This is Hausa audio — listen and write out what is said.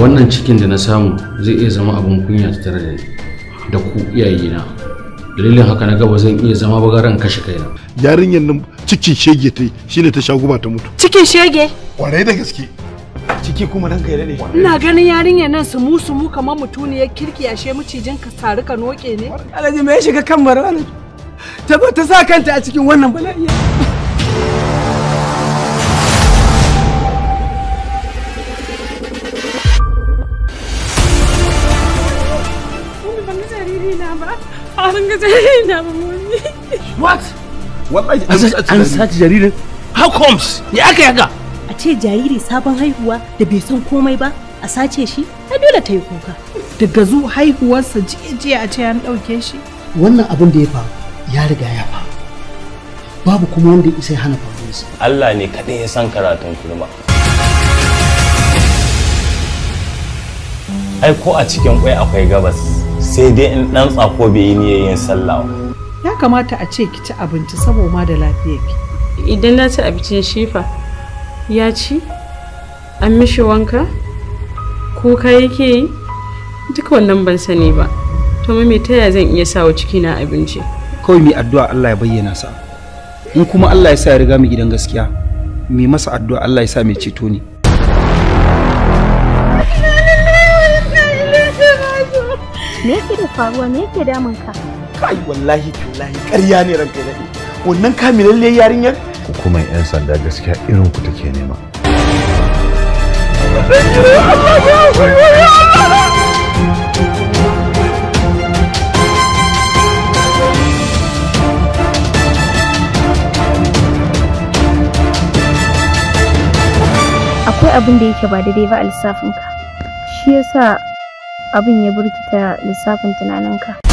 wannan cikin da na samu zai iya zama abin kunya ta tare da ni da ku iyayena dalilin haka na gaba zan iya zama bagaran kashe kaina yarinyar nan cikin shege ta shine ta sha guba ta mutu cikin shege kwarai da gaske ciki kuma ranka ya dade ina ganin yarinyar nan su musu mu kamar mutuniyar kirki ashe macijin ka sari ka noke ne alhaji me ya shiga kan marwana ta ta sa kanta a cikin wannan bala'i a ringa jaririn na mamomi what wallahi an sace jaririn how comes ya aka yaga a ce jariri sabon haihuwa da bai san komai ba a sace shi ai dole ta yi kuka daga zu haihuwarsa jiya a ce an ɗauke shi wannan abin da ya faru ya riga ya faru babu kuma wanda ya isa hana faruwarsa Allah ne kaɗai ya san karatun kurma ai ko a cikin kwai akwai gabas sai dai in ɗan tsako bai yi niyyar yin sallah ya kamata a ce ki ci abinci saboda ma da lafiyarki idan na ci abincin shifa ya ci an mishi wanka kuka yake yi duk wannan ban sani ba to mai ta yaya zan iya sawa na abinci kawai mai addu'a Allah ya bayyana sa in kuma Allah ya sa ya riga mu gidan gaskiya mai masa addu'a Allah ya sa mai ceto ne me yake da faruwa me yake damun ka kai wallahi tallahi ƙarya ne ranka da wannan kamilalle yarinyar kuma yan sanda gaskiya irin ku take nema akwai abin da yake ba daidai ba a lissafinka shi yasa abin ya birkita lissafin tunaninka.